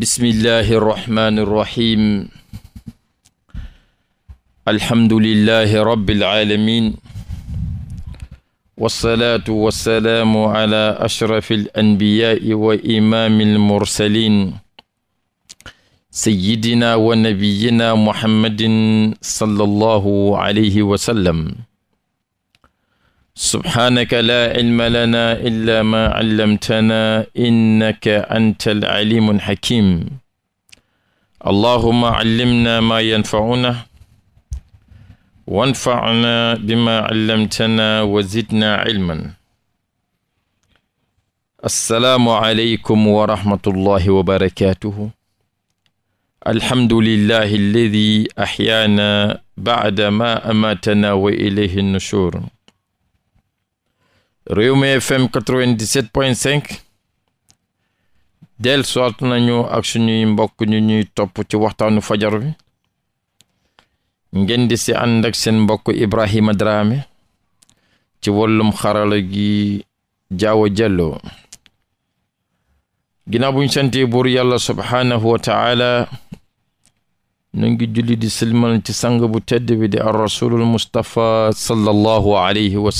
bismillahi irrahmani irrahim alhamdulillahi rabbil alamin wasalaatu wasalaamu ala ashrafi alanbiyaai wa imaami almursalin sayyidina wa nabiyina muhammadin sallallahu alayhi wa sallam subhaanaka laa ilma lanaa illaa maa allamtanaa innaka anta al-aliimu al-hakiim allahumma allimnaa maa yanfa'unaa wanfa'naa bimaa allamtanaa wa zidnaa ilman assalaamu aleykum wa rahmatullaahi wa barakaatuhu alhamdulillaahi allazii ahyaanaa ba'da maa amaatanaa wa ilayhi nushuur réew Rewmi FM 97.5 del soit nañu ak suñuy mbokk ñu ñuy topp ci waxtaanu fajar bi ngeen di si ànd ak seen mbokku Ibrahima Drame ci wàllum xarala gi jaawo jàlloo ginnaaw buñ santee buur yàlla subhaanahu wa taala nu ngi julli di silmal ci sang bu tedd bi di ar rasulul mustapha sallallahu alayhi wa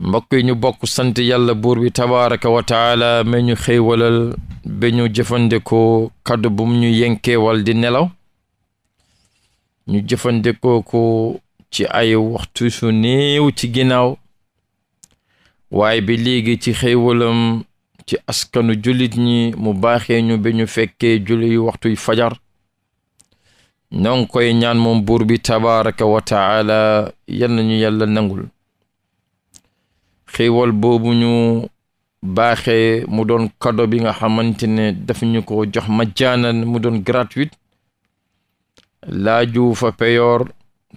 mbokk yi ñu bokk sant yàlla buur bi tabaraka wa taala ma ñu xéewalal ba ñu jëfandikoo kaddu bu ñu yenkeewal di nelaw ñu jëfandikoo ko ci ay waxtu su néew ci ginnaaw waaye bi léegi ci xéewalam ci askanu jullit ñi mu baaxee ñu ba ñu fekkee julli waxtuy fajar ñoo ngi koy ñaan moom buur bi tabaraka wa yal na ñu yàlla nangul xéewal boobu ñu baaxe mu doon cadeau bi nga xamante ne daf ko jox majaanan mu doon gratuite laaju fa peyoor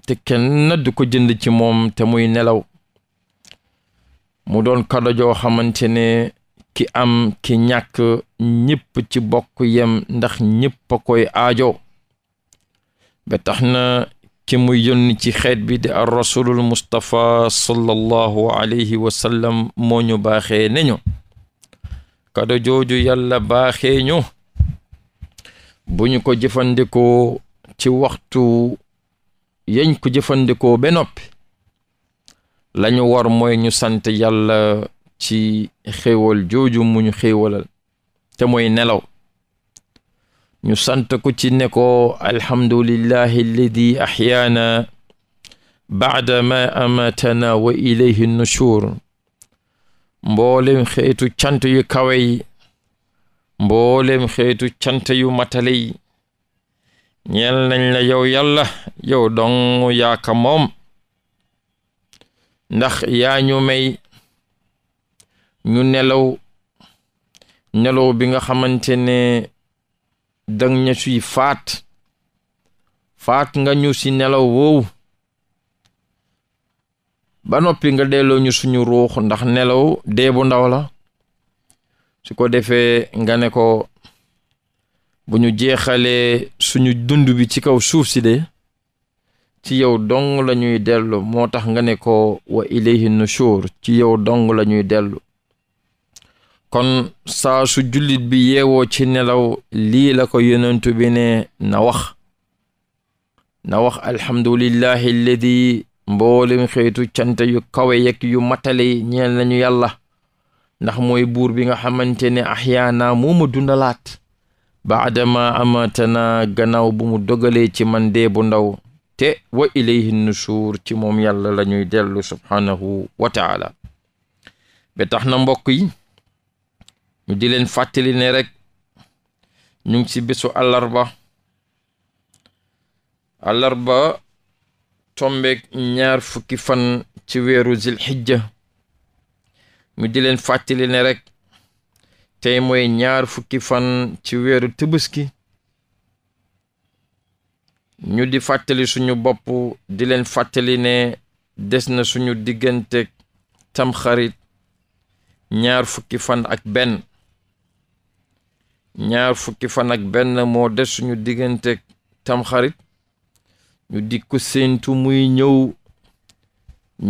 te kenn du ko jënd ci moom te muy nelaw mu doon cadeau joo xamante ne ki am ki ñàkk ñëpp ci bokk yem ndax ñëpp koy aajo ba tax na ki muy yónni ci xeet bi di ar rasulul mustapha alayhi wa sallam moo ñu baaxee ne ñu kado jooju yàlla baaxee ñu bu ñu ko jëfandikoo ci waxtu yañ ko jëfandikoo ba noppi lañu war mooy ñu sant yàlla ci xewal jooju mu ñu xéewalal te mooy nelaw ñu sant ko ci ne ko alhamdulillahi alladi axyaana baada ma wa ilayhi nushur mboolem xeetu cant yu kawey mboolem xeetu cant yu mataley ñeel nañ la yow yàlla yow dong yaaka moom ndax yaa ñu may ñu nelaw nelaw bi nga xamante dang ña suy faat faat nga ñu si nelaw woowu ba noppi nga delloo ñu suñu ruux ndax nelaw dee bu ndaw la su ko defee nga ne ko bu ñu jeexalee suñu dund bi ci kaw suuf si de ci yow dong lañuy ñuy dellu moo tax nga ne ko wa ilayhi suur ci yow dong lañuy dellu kon saasu su jullit bi yeewoo ci nelaw lii la ko yonentu bi ne na wax na wax alhamdulillahi alladi mboolem xeetu cant yu kawe yeg yu matale ñeen lañu yàlla ndax mooy buur bi nga xamante ne axyaana moo ma dundalaat baadama amatana gannaaw bu mu dogalee ci man dee bu ndaw te wa ilayhi nusuur ci moom yàlla lañuy ñuy dellu subhaanahu wa taala tax na mbokk yi ñu di leen fàttali ne rek ñu ngi ci bésu àllarba àllarba tombeeg ñaar fukki fan ci weeru zilxijja ñu di leen fàttali ne rekk tey mooy ñaar fukki fan ci weeru tëbaski ñu di fàttali suñu bopp di leen fàttali ne des na suñu digganteeg tamxarit ñaar fukki fan ak benn ñaar fukki fan benn moo des suñu diggante tamxarit ñu di ko muy ñëw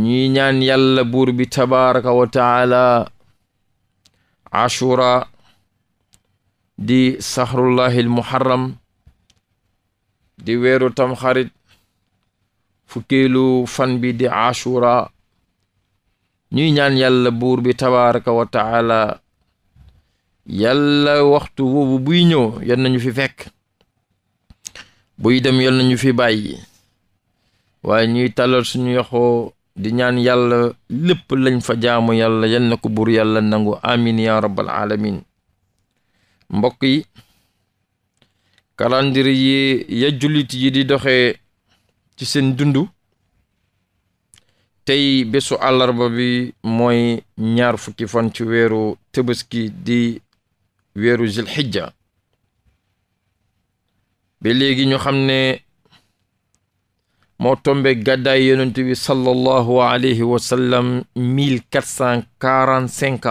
ñuy ñaan yàlla buur bi tabaraka wa taala ashura di sahrullahil muharram di weeru tamxarit fukkeelu fan bi di ashura ñuy ñaan yàlla buur bi tabaraka yàlla waxtu boobu buy ñëw yal nañu fi fekk buy dem yal nañu fi bàyyi waaye ñuy tàllal suñu yoxoo di ñaan yàlla lépp lañ fa jaamu yàlla yal na ko buur yàlla nangu amin ya rabbal alamin mbokk yi calendrier ya jullit yi di doxee ci seen dundu tey bésu àllarba bi mooy ñaar fukki fan ci weeru tëbëski di weeru zilxijja ba léegi ñu xam ne moo tombe gàddaay yonent bi sallallahu alayhi wa sallam mille quatre cent quarante cinq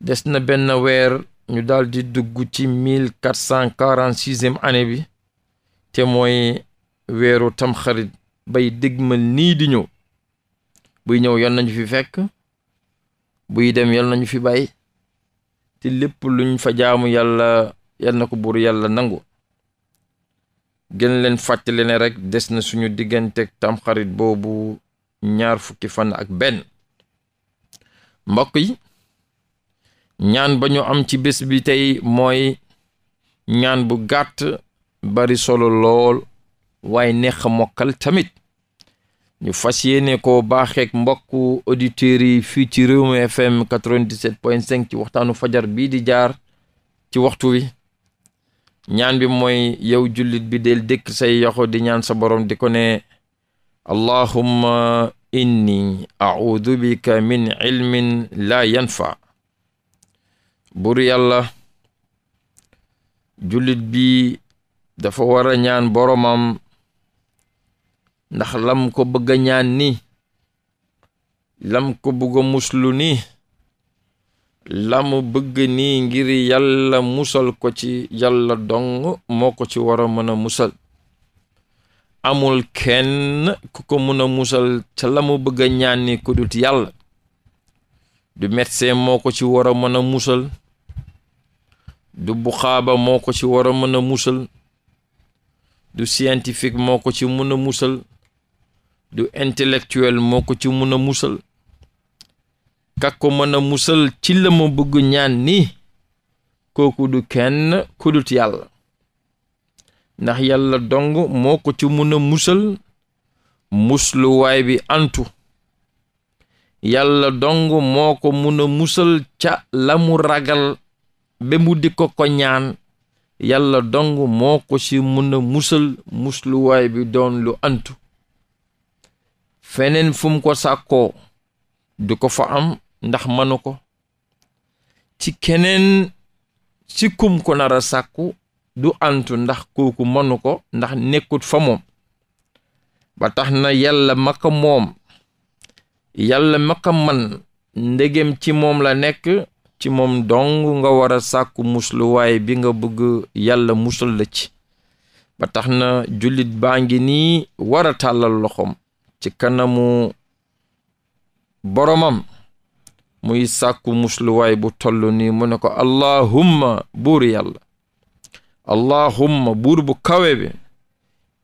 des na benn weer ñu daal dugg ci mille quatre cent quarante sixième année bi te mooy weeru tamxarit bay dégmal nii di ñëw buy ñëw yal nañu fi fekk buy dem yal nañu fi bay te lépp luñ fa jaamu yàlla yal na ko buur yàlla nangu gën leen fàttali ne rek des na suñu digganteeg tamxarit boobu ñaar fukki fan ak benn mbokk yi ñaan ba ñu am ci bés bi tey mooy ñaan bu gàtt bari solo lool waaye neex a mokkal tamit ñu fas yéene koo baaxeek mbokku auditeurs yi fii ci Rewmi FM 97.5 ci waxtaanu fajar bii di jaar ci waxtu wi ñaan bi mooy yow jullit bi del dëkk say yoxo di ñaan sa boroom di ko ne allahumma inni audu bika min ilmin laa yanfa bur yàlla jullit bi dafa war a ñaan boromam ndax lam ko bëgg ñaan ni lam ko bëgg a muslu ni lamu bëgg nii ngir yàlla musal ko ci yàlla dong moo ko ci war a mën a musal amul kenn ku ko mën a musal ca la mu bëgg a ñaan ni ku dut yàlla du médecin moo ko ci war a mën a musal du buxaaba moo ko ci war a mën a musal du scientifique moo ko ci mën a musal du intellectuel moo ko ci mun a musal kak ko mën a musal ci la ma bëgg ñaan ni kooku du kenn kudut yàlla ndax yàlla dong moo ko ci mun a musal musluwaay bi antu yàlla dong moo ko mun a musal ca la mu ragal ba mu di ko ko ñaan yàlla dong moo ko ci mun a musal musluwaay bi doon lu antu feneen fu ko sàkkoo du ko fa am ndax manu ko ci keneen ci ko nar a sàkku du antu ndax kooku manu ko ndax nekkut fa moom ba tax na yàlla maka moom yàlla maka man ndegem ci moom la nekk ci moom dong nga war a sàkku musluwaay bi nga bëgg yàlla musal la ci ba tax na jullit baa ngi nii war a tàllal loxoom ci kanamu boromam muy sàkku musluwaay bu tollu ni mu ne ko allahumma buur yàlla allahumma buur bu kawe bi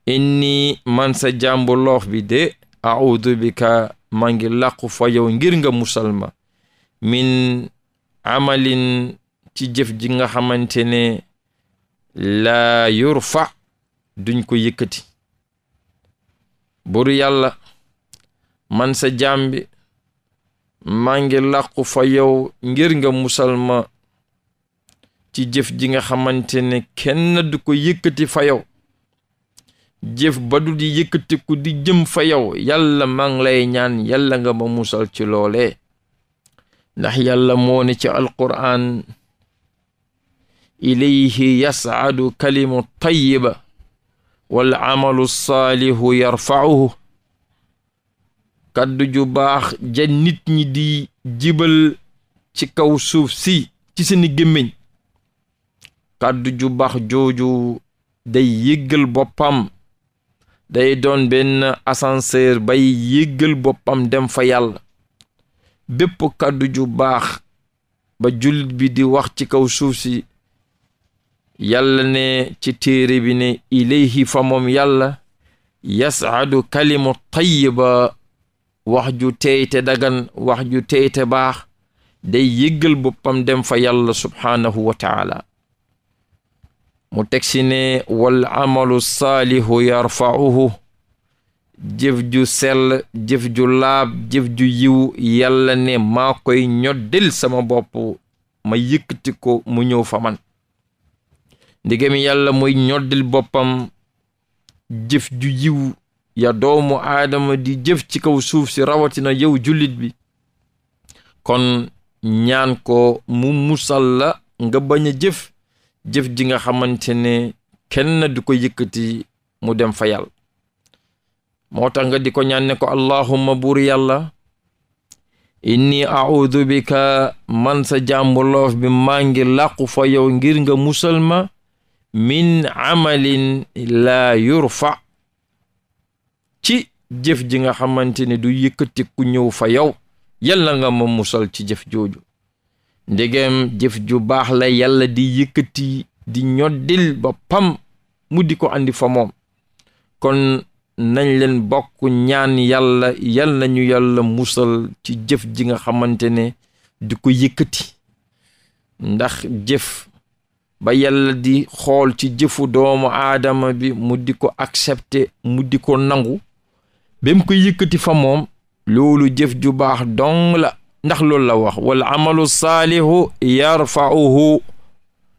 inni mansa sa jàmbu bi de audu bika maa ngi ngir nga musalma min amalin ci jëf ji nga xamante ne laa yurfa duñ ko yëkkati buru yàlla man sa jaam bi maa ngi làqu fa yow ngir nga musal ma ci jëf ji nga xamante ne kenn du ko yëkkati fa yow jëf ba di yëkkatiku di jëm fa yow yàlla maa ngi lay ñaan yàlla nga ma musal ci loole ndax yàlla moone ne ci alquraan ilayhi yas'adu kalimu tayyiba wal amalu saalihu yarfa'uhu kaddu ju baax ja nit ñi di jibal ci kaw suuf si ci seeni gémmiñ kaddu ju baax jooju day yëggal boppam day doon benn ascenseur bay yëggal boppam dem fa yàlla bépp kaddu ju baax ba jullit bi di wax ci kaw suuf si yàlla ne ci téere bi ne ilayhi fa moom yàlla yasaadu kalimu tayyiba wax ju tey te dagan wax ju tey baax day yëggal boppam dem fa yàlla subhaanahu wa taala mu teg si ne walla amalu saalihu yarfauhu jëf ju sell jëf ju laab jëf ju yiw yàlla ne maa koy ñoddil sama bopp ma yëkkati ko mu ñëw fa man ndigami yàlla muy ñoddil boppam jëf ju yiw ya doomu aadama di jëf ci kaw suuf si rawatina yow jullit bi kon ñaan ko mu la nga bañ a jëf jëf ji nga xamante ne kenn du ko yëkkati mu dem fayal yàlla moo tax nga di ko ñaan ne ko allahumma buur yàlla inni audu bika man sa jàmbuloof bi maa ngi làqu fa yow ngir nga musal ma min amalin laa yurfa ci jëf ji nga xamante ne du yëkkati ku ñëw fa yow yàlla nga ma musal ci jëf jooju ndegem jëf ju baax la yàlla di yëkkati di ñoddil ba pam mu di ko andi fa moom kon nañ leen bokk ñaan yàlla yal nañu yàlla musal ci jëf ji nga xamante ne di ko yëkkati ndax jëf ba yàlla di xool ci jëfu doomu aadama bi mu di ko accepter mu di ko nangu ba ko yëkkati fa moom loolu jëf ju baax dong la ndax loolu la wax wal amalu saalihu yarfauhu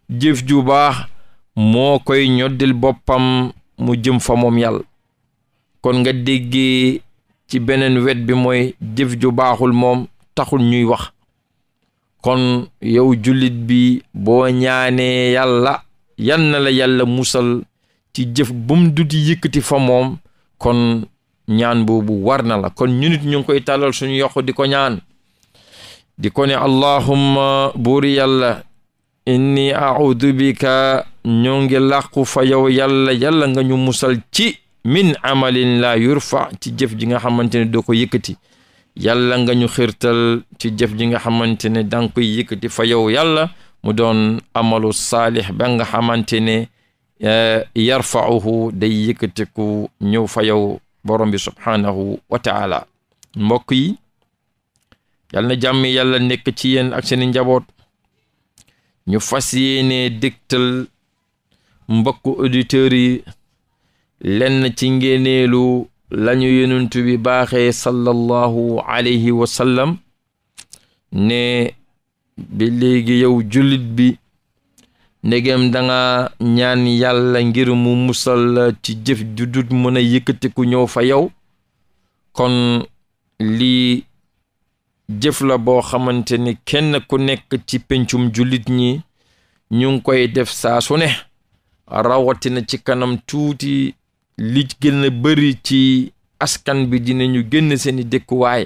jëf ju baax moo koy ñoddil boppam mu jëm fa moom yàlla kon nga déggee ci beneen wet bi mooy jëf ju baaxul moom taxul ñuy wax kon yow jullit bi boo ñaanee yàlla yan na la yàlla musal ci jëf bum du fa moom kon ñaan boobu war na la kon ñunit nit ñu ngi koy tàllal suñu yoxu di ko ñaan di ko ne allahumma buuri yàlla inni audu bika ñoo ngi làqu fa yow yàlla yàlla nga ñu musal ci min amalin la yurfa ci jëf ji nga xamante ne doo ko yëkkati yàlla nga ñu xirtal ci jëf ji nga xamante ne danga koy yëkkati fa yàlla mu doon amalu saalix ba nga xamante ne eh, yarfauhu day yëkkatiku ñëw fa yow borom bi subhaanahu wa taala mbokk yi yal na jàmm yàlla nekk ci yéen ak seeni njaboot ñu fas yéenee dégtal mbokk auditeurs yi lenn ci ngéneelu lañu yonent bi baaxee sallallahu alayhi wa sallam ne bi léegi yow bi ndegem danga ñaan yàlla ngir mu musal ci jëf ju dut mën a yëkkatiku ñëw fa yaw kon lii jëf la boo xamante ni kenn ku nekk ci pencum jullit ñi ñu ngi koy def saa ne rawatina ci kanam tuuti li gën bari ci askan bi dinañu génn seeni dëkkuwaay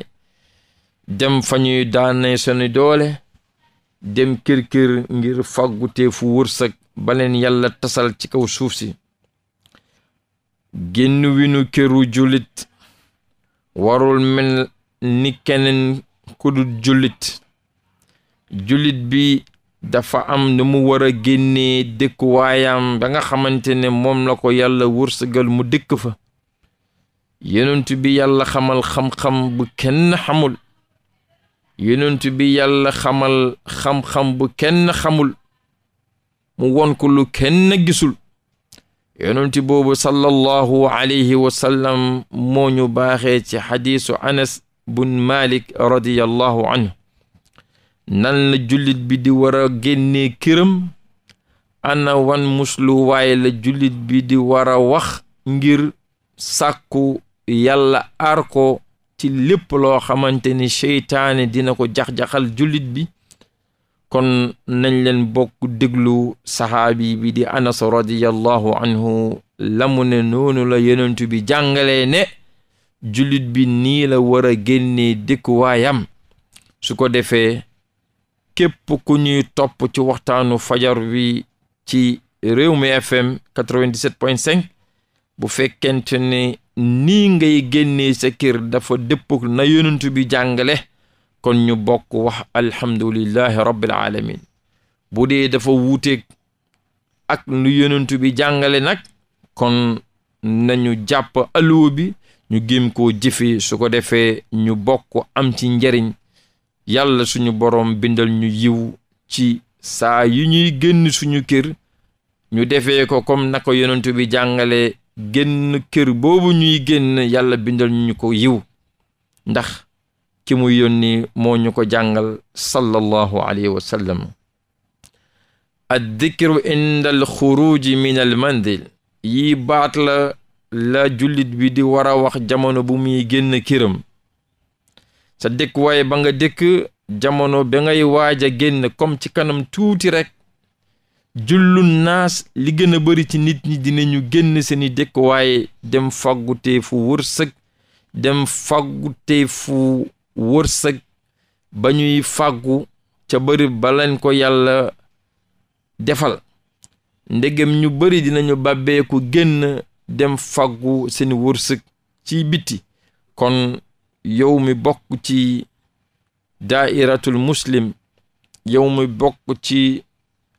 dem fa ñuy daane seeni doole dem kër-kër ngir fàggutee fu wërsëg baleen yàlla tasal ci kaw suuf si génn wi nu këru jullit warul mel ni keneen ku dul jullit jullit bi dafa am nu mu war a génnee dëkkuwaayam ba nga xamante ne moom la ko yàlla wërsëgal mu dëkk fa yonent bi yàlla xamal xam-xam bu kenn xamul yonent bi yàlla xamal xam-xam bu kenn xamul mu won ko kenn gisul yonent boobu sallallahu alayhi wa sallam moo ñu baaxee ci xadiisu anas bun malik radiyallahu anhu nan la jullit bi di wara genni génnee këram ana wan musluwaay la jullit bi di wara wax ngir sakku yàlla arko ci lépp loo xamante ni seytaane dina ko jax-jaxal julit bi kon nañ leen bokk déglu sahaabi bi di anas radiyallahu anhu lamu ne noonu la bi jàngalee ne julit bi nii la war a génnee dëkkuwaayam su ko defee képp topp ci waxtaanu fajar wi ci réew mi fm 97.5 bu fekkente ne nii ngay génnee sa dafa dëppug na yonent bi jàngale kon ñu bokk wax alhamdulillahi rabbil alamin bu dee dafa wuuteeg ak lu yonent bi jàngale nag kon nañu jàpp aloo bi ñu gém koo jëfee su ko defee ñu bokk am ci njariñ yàlla suñu borom bindal ñu yiw ci saa yi ñuy génn suñu kër ñu defee ko comme na ko yonent bi jàngale génn kër boobu ñuy génn yàlla bindal ñu ko yiw ndax ki mu yónni moo ñu ko jàngal sallallahu alayhi wa sallam addikru inda al mandil yii baat la jullit bi di war a wax jamono bu muy génn këram sa dëkk waaye ba nga dëkk jamono ba ngay waaj a génn comme ci kanam tuuti rekk jullu naas li gën bari ci nit ñi dinañu génn seeni dëkk waaye dem faggutee fu wërsëg dem faggutee fu wërsëg ba ñuy faggu ca bari baleen ko yàlla defal ndegem ñu bari dinañu bàbbeeku génn dem fàggu seeni wërsëg ci biti kon yow mi bokk ci daairatul muslim yow mi bokk ci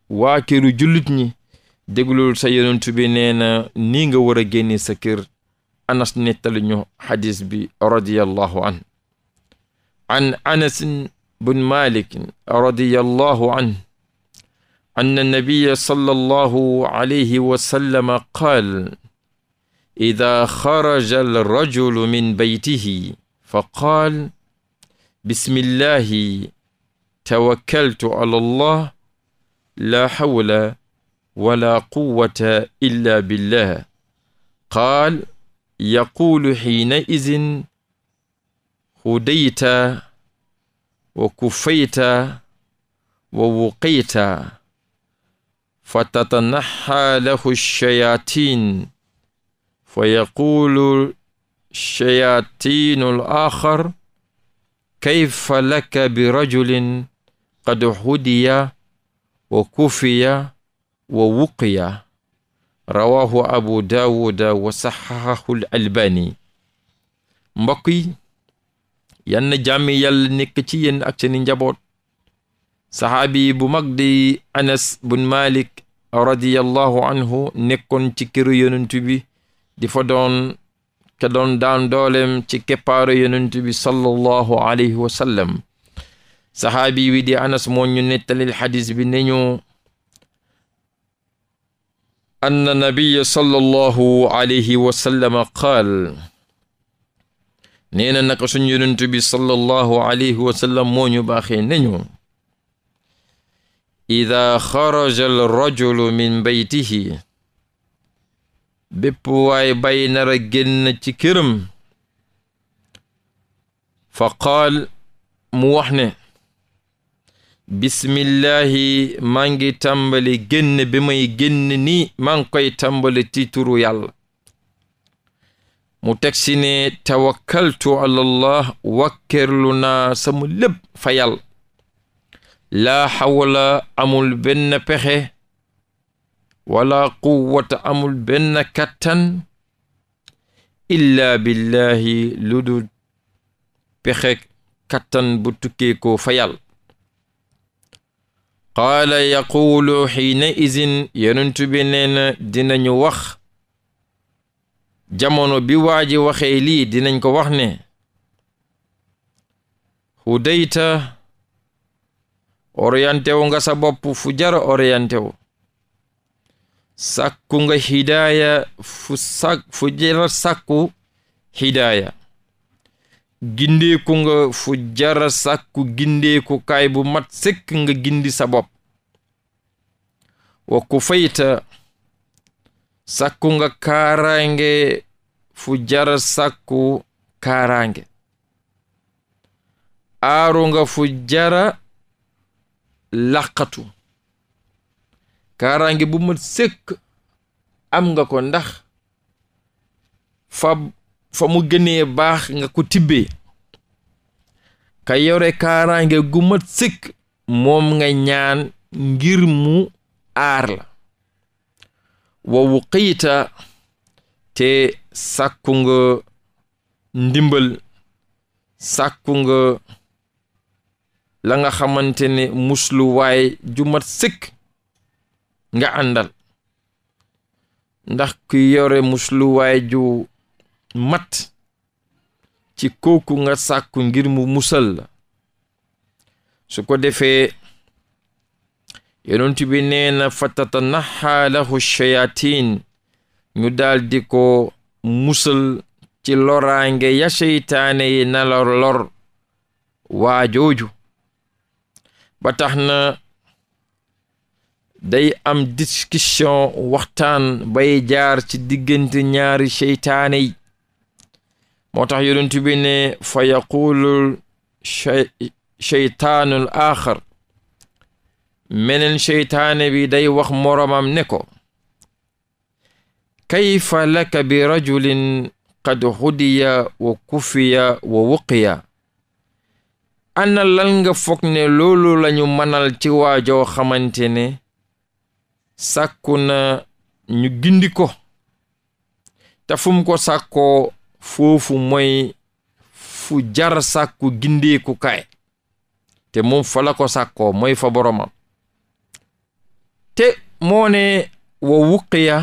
waa këru jullit ñi déglul sa yonent bi nee na nii nga war a génne sa kër anas nettali ñu xadis bi radiallahu an an anasin bun malik radiallahu an anna nabiya sallallahu alayhi wa sallama qaal ida xaraja alrajulu min baytihi fa qaal bismillahi tawakkaltu ala allah laa hawla wala quwwata illa billah qaal yaquulu xiina izin hudayta wa kufayta wa wuqayta fatatanaxaa lahu shayaatiin fa yaquulu shayaatiinu alaaxar kayfa laka birajulin qad hudiya wa kufiya wo wuqiya rawahu abu daawuda wa saxahahu albani mbokk yi yann jàmmi yàlla nekk ci yéen ak seeni njaboot saxaabi bu mag di anas bun malik radiyallahu anhu nekkoon ci këru yonentu bi di fa doon ka doon daan dooleem ci keppaaru yonentu bi sallallahu alayhi wa saxaabi wi di anas moo ñu nettalil xadis bi ne ñu anna nabiya sallallahu alayhi wa qaal nee na naka suñ yonent bi alayhi wa sallam moo ñu baaxee ne ñu ida xaraja al min baytihi bépp waay bay na a génn ci këram fa mu wax ne bismillahi maa ngi tàmbali génn bi may génn ni maa ngi koy tàmbali ci mu teg si ne tawakkaltu alallah wakkerlu naa sama lépp fa yàlla laa xawla amul benn pexe wala quwwata amul benn kattan illaa billahi lu pexe kattan bu tukkee ko fa qaala yaquulu xiina izin yonent bi nee na dinañu wax jamono bi waa ji waxee lii dinañ ko wax ne hudayta orienté wu nga sa bopp fu jara orienté wu sàkku nga hidaaya fu sàk fu jara hidaaya gindeeku nga fu jara sàkku gindeeku kaay bu mat sëkk nga gindi sa bopp wa ku fayta sàkku nga kaaraange fu jara sakku kaaraange aaru nga fu jara làqatu kaaraange bu mat sëkk am nga ko ndax fa mu gënee baax nga ko tibbee ka yore kaaraange gu mat moom nga ñaan ngir mu aar la wa wuqiita te sàkku nga ndimbal sàkku nga la nga xamante ne musluwaay sëkk nga àndal ndax ku yore musluwaay ju mat ci kooku nga sàkku ngir mu musal su ko defee yonent bi neena na fatatanaha lahu shayatin ñu daldi ko musal ci loraange ya seytaane yi na lor waa jooju ba tax na day am discussion waxtaan bay jaar ci diggante ñaari seytaane yi moo tax yonent bi ne fa yaqulul cheytaanul aaxar meneen cheytaane bi day wax moroomam ne ko kayfa laka bi rajulin qad hudiya wa kufiya wo wuqiya ana lan nga foog ne loolu lañu mënal ci waajoo xamante ne sakku na ñu gindi ko te ko sàkkoo foofu mooy fu jar sàkku gindeeku kaay te moom fala ko sàkkoo mooy fa boromam te moone ne wa wuqiya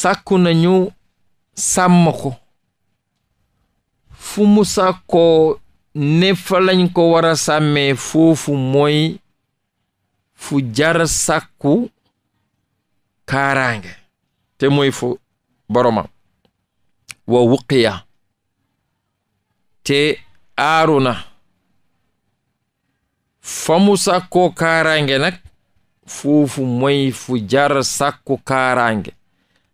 sàkku nañu sàmm ko fu mu sàkkoo ne fa lañ ko war a sàmmee foofu mooy fu jar sàkku kaaraange te mooy fu boromam wa wuqiya te aaru na fa mu sàkkoo kaaraange nag foofu mooy fu jar sàkku kaaraange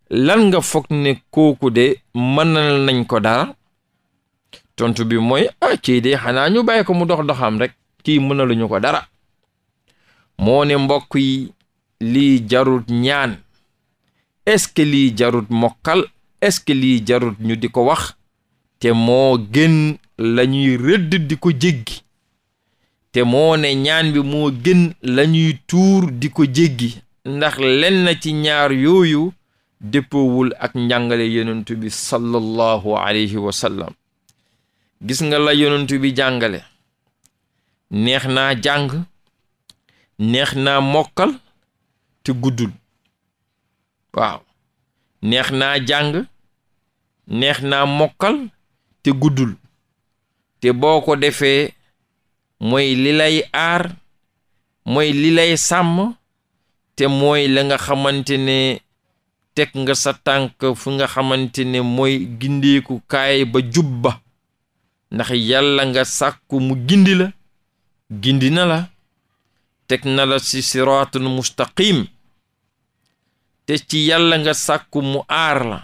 lan nga foog ne kooku de mënal nañ ko dara tontu bi mooy ah kii de xanaa ñu bàyyi ko mu dox doxam rek kii mënaluñu ko dara moo ne mbokk yi lii jarul ñaan est-ce que jarut mokkal est jarut ñu di ko wax te moo gën la rëdd di ko jéggi te moo ne ñaan bi moo gën lañuy tuur di ko jéggi ndax lenn ci ñaar yooyu dëppoowul ak njàngale yonentu bi sallallahu alayhi wa sallam gis nga la yonentu bi jàngale neex naa jàng neex naa mokkal te guddul waaw neex naa jàng neex naa mokkal te guddul te boo ko defee mooy li aar mooy li lay sàmm te mooy la nga xamante ne teg nga sa tànk fu nga xamante ne mooy gindeeku kaay ba jubba ndax yàlla nga sàkku mu gindi la gindi na la teg na la ci siraatul mustaqim te ci yàlla nga sàkku mu aar la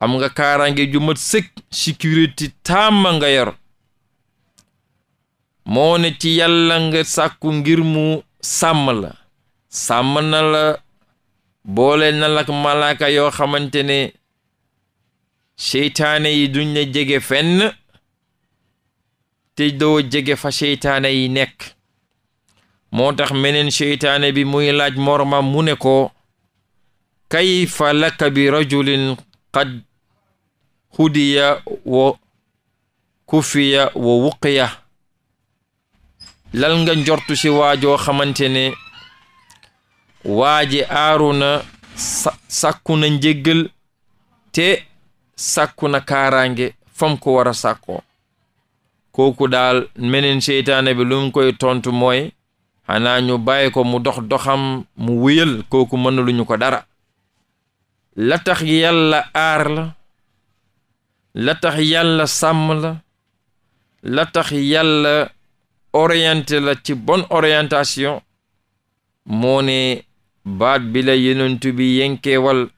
am nga kaaraange ju mat sëkk sécurité tàmma nga yor moo ne ci yàlla nga sàkku ngir mu sàmm la boole nalak malaaka yoo xamante ne seytaane yi duñ la jege fenn te doo jege fa seytaane yi nekk moo tax meneen seytaane bi mu muy laaj moromam mu ne ko kayfa laka bi rajulin qad hudiya wa kufiya wa wuqiya lal nga njortu ci waajoo xamante ne waaji aaru na sàkku na njéggal te sàkku na kaaraange fam ko war a sàkkoo kooku daal meneen seytaane bi lu mu koy tontu mooy xanaa ñu bàyyi ko mu dox doxam mu wuyal kooku mënaluñu ko dara la tax yàlla aar la la tax yàlla sàmm la la tax yàlla orienté la ci bon orientation moone baat bi la yonentu bi yenkeewal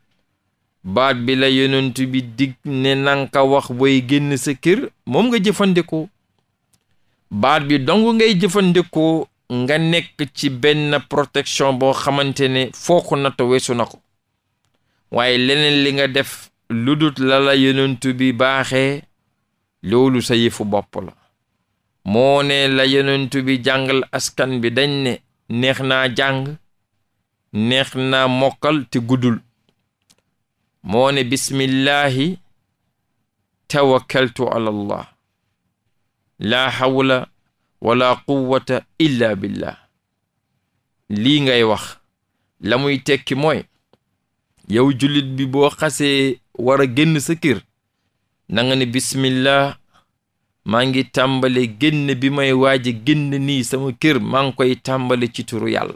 baat bi la yonentu bi dig ne nanka wax booy génn sa kër moom nga jëfandikoo baat bi dong ngay jëfandikoo nga nekk ci benn protection boo xamante ne foo ko natt weesu na ko waaye leneen li nga def lu dut la la yonentu bi baaxee loolu sa yëfu bopp la moo ne bi jàngal askan bi dañ ne neex naa jàng neex naa mokkal te guddul moo ne bismillahi tawakkaltu ala allah laa hawla wala quwwata illa billah lii ngay wax la muy tekki mooy yow julit bi boo xasee war a génn sa kër na ne bismillah maa ngi tàmbale génn bi may waaje génn nii sama kër maa ngi koy tàmbale ci turu yàlla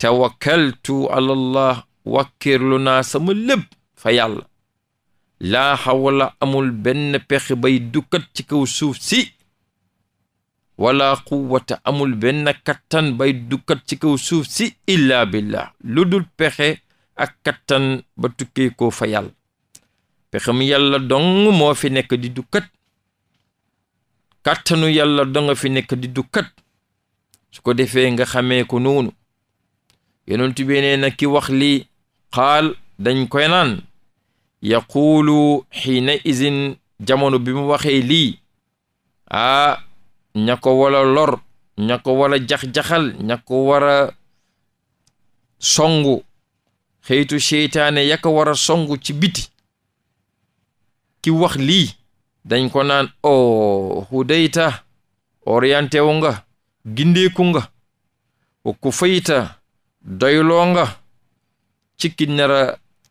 tawakkaltu alallah wakkirlu naa sama lépp fa yàlla laa xawala amul benn pexe bay dukkat ci suuf si wala quwwata amul benn kattan bay dukkat ci kaw suuf si illaa billah lu pexe ak kattan ba tukkee koo fa yàlla pexam yàlla dong moo fi nekk di dukkat kàttanu yàlla dong fi nekk di dukkat su ko defee nga xamee ko noonu yonent bi nee na ki wax lii xaal dañ koy naan yaquulu xiina izin jamono bi mu waxee lii aa ña ko wala lor ña ko wala jax-jaxal ña ko war songu xëytu seytaane ya ko war a songu ci biti ki wax lii dañ ko naan o oh, hudayta orienté nga gindeeku nga wa ku fayta doyloo nga cikki nara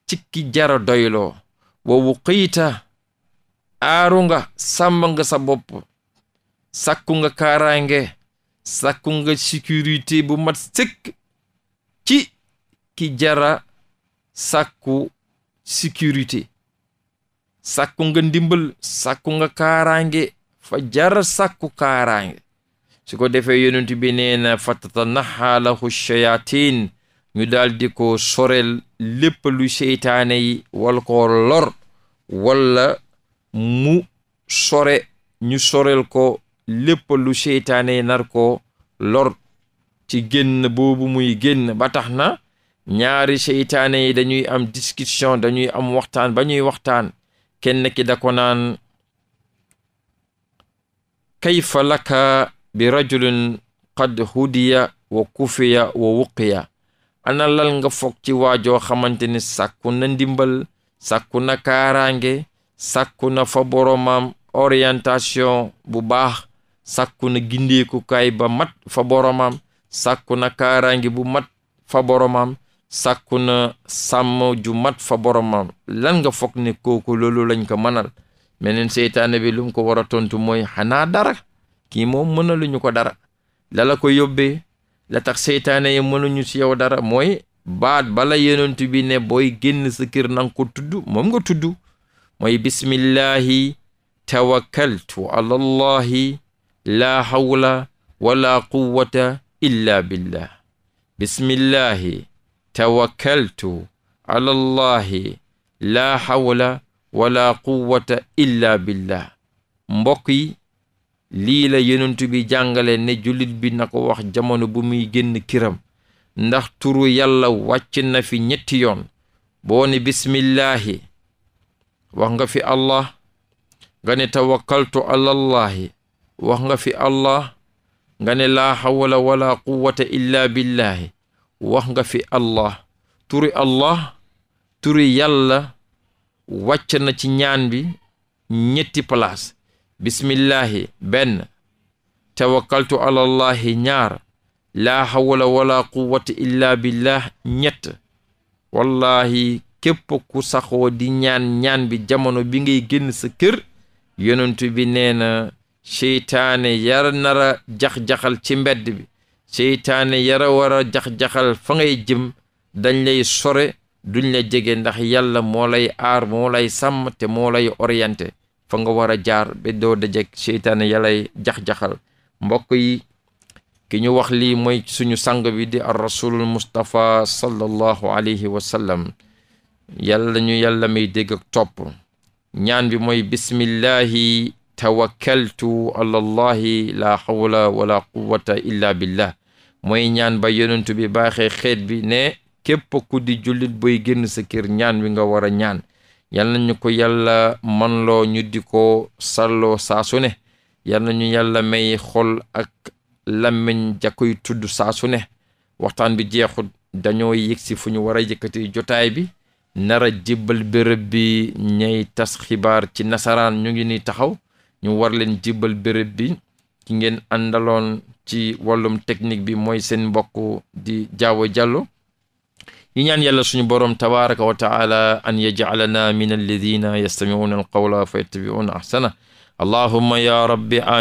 cikki jara doyloo wa wuqiyta aaru nga sàmm nga sa bopp sàkku nga kaaraange sàkku nga sécurité bu mat sëkk ci ki jara sàkku sécurité sakku nga ndimbal sàkku nga kaaraange fa jar sàkku kaaraange su ko defee yonent bi nee na fatatanaha lahu ñu daldi ko sorel lépp lu seytaane yi wal ko lor walla mu sore ñu sorel ko lépp lu seytaane nar ko lor ci génn boobu muy génn ba tax na ñaari seytaane yi dañuy am discussion dañuy am waxtaan ba ñuy waxtaan kenn ki da ko naan kayfa laka bi rajulin qad hudiya wa kufiya wa wuqiya ana lal nga foog ci waajoo xamante ni sàkku na ndimbal sàkku na kaaraange sàkku na fa boromam orientation bu baax sàkku na gindeekukaay ba mat fa boromam na kaaraange bu mat fa boromam sàkku na sàmm ju mat fa boromam lan nga foog ne kooku loolu lañ ko mënal meneen seytaane bi lu ko war a tontu mooy xanaa dara kii moom mënaluñu ko dara lala ko yóbbee la tax seytaane yi mënuñu ci yow dara mooy baat bala yonent bi ne booy génn sa kër nanga ko tudd moom nga tudd mooy bismillahi tawakkaltu ala allahi laa hawla wala quwwata illa billah bismillahi tawakkaltu ala allahi laa hawla wala quwwata illa billah mbokk yi lii la yonent bi jàngale ne julit bi na ko wax jamono bu muy génn kiram ndax turu yàlla wàcc na fi ñetti yoon boo ne bismillahi wax nga fi allah nga ne tawakkaltu alallahi wax nga fi allah nga ne laa hawla wala quwwata illa billahi wax nga fi allah turi allah turi yàlla wàcc na ci ñaan bi ñetti palaas bismillahi benn tawakkaltu ala allahi ñaar laa hawla wala quwwata illa billah ñett wallahi képp ku saxoo di ñaan ñaan bi jamono bi ngay génn sa kër yonent bi nee na seytaane yar nara jax-jaxal ci mbedd bi seytaane yara war a jax-jaxal fa ngay jëm dañ lay sore duñ la jege ndax yàlla moo aar moo lay sàmm te moo lay orienté fa nga war a jaar ba doo dajeg seytaane yàllay jax-jaxal mbokk yi ki ñu wax lii mooy suñu sang bi di ar rasulul mustapha sallallahu alayhi wa sallam yàlla ñu yàlla may dégg topp ñaan bi mooy bismillahi tawakkaltu ala allahi la hawla wala quwwata illa billah mooy ñaan ba yonentu bi baaxee xeet bi ne képp ku di jullit boy génn sa kër ñaan wi nga war a ñaan yal nañu ko yàlla manloo ñu di ko salloo saasu ne yal nañu yàlla may xol ak lammiñ ja koy tudd saasu ne waxtaan bi jeexut dañoo yëg si fu ñu war a yëkkati jotaay bi nara jibbal bërëb bi ñay tas xibaar ci nasaraan ñu ngi ni taxaw ñu war leen jibbal béréb bi ci wàllum technique bi mooy seen mbokk di jaawo jàllo yi ñaan yàlla suñu borom tabaraka wa an yajcalana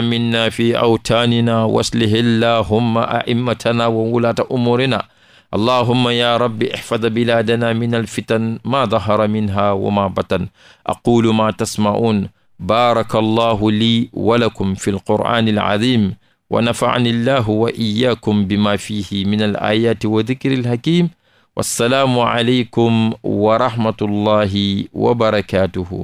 min fi awtaanina waslih allahumma aimmatana wa wulaata umuurina allahumma ya rabbi ixfad min alfitan ma dahara minha wa ma aqulu ma tasmacuun baaraka allahu lii walakum fi lqur'ani alazim wa nafaani allahu wa iyakum bima fihi min al ayati wa dikri alhakim wassalaamu aleykum wa rahmatullahi wa barakatuhu